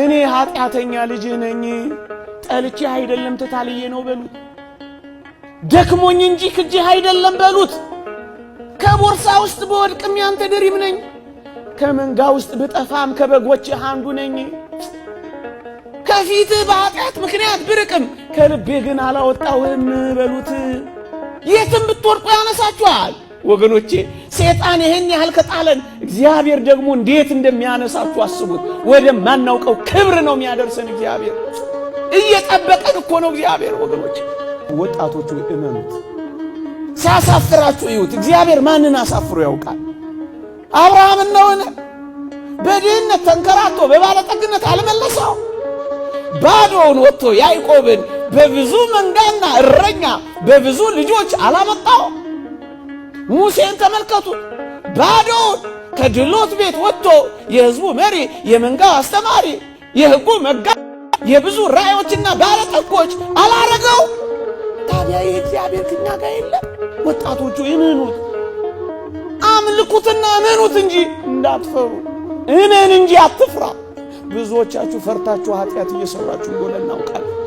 እኔ ኃጢአተኛ ልጅ ነኝ፣ ጠልቼ አይደለም ተታልዬ ነው በሉት። ደክሞኝ እንጂ ክጄህ አይደለም በሉት። ከቦርሳ ውስጥ በወድቅም ያንተ ድሪም ነኝ፣ ከመንጋ ውስጥ ብጠፋም ከበጎችህ አንዱ ነኝ። ከፊትህ በኃጢአት ምክንያት ብርቅም ከልቤ ግን አላወጣውም በሉት። የትም ብትወርቁ ያነሳችኋል። ወገኖቼ ሰይጣን ይሄን ያህል ከጣለን እግዚአብሔር ደግሞ እንዴት እንደሚያነሳችሁ አስቡት። ወደ ማናውቀው ክብር ነው የሚያደርሰን እግዚአብሔር። እየጠበቀን እኮ ነው እግዚአብሔር። ወገኖቼ ወጣቶቹ እመኑት። ሲያሳፍራችሁ እዩት። እግዚአብሔር ማንን አሳፍሮ ያውቃል? አብርሃምን ነውን? በድህነት ተንከራቶ በባለጠግነት አልመለሰው። ባዶውን ወጥቶ ያዕቆብን በብዙ መንጋና እረኛ በብዙ ልጆች አላመጣው። ሙሴን ተመልከቱት። ባዶውን ከድሎት ቤት ወጥቶ የህዝቡ መሪ፣ የመንጋው አስተማሪ፣ የሕጉ መጋ የብዙ ራእዮችና ባለጠጎች አላረገው። ታዲያ የእግዚአብሔር እግዚአብሔር ከኛ ጋር የለም? ወጣቶቹ እመኑት፣ አምልኩትና እመኑት እንጂ እንዳትፈሩ። እመን እንጂ አትፍራ። ብዙዎቻችሁ ፈርታችሁ ኃጢአት እየሰራችሁ እንደሆነ እናውቃለን።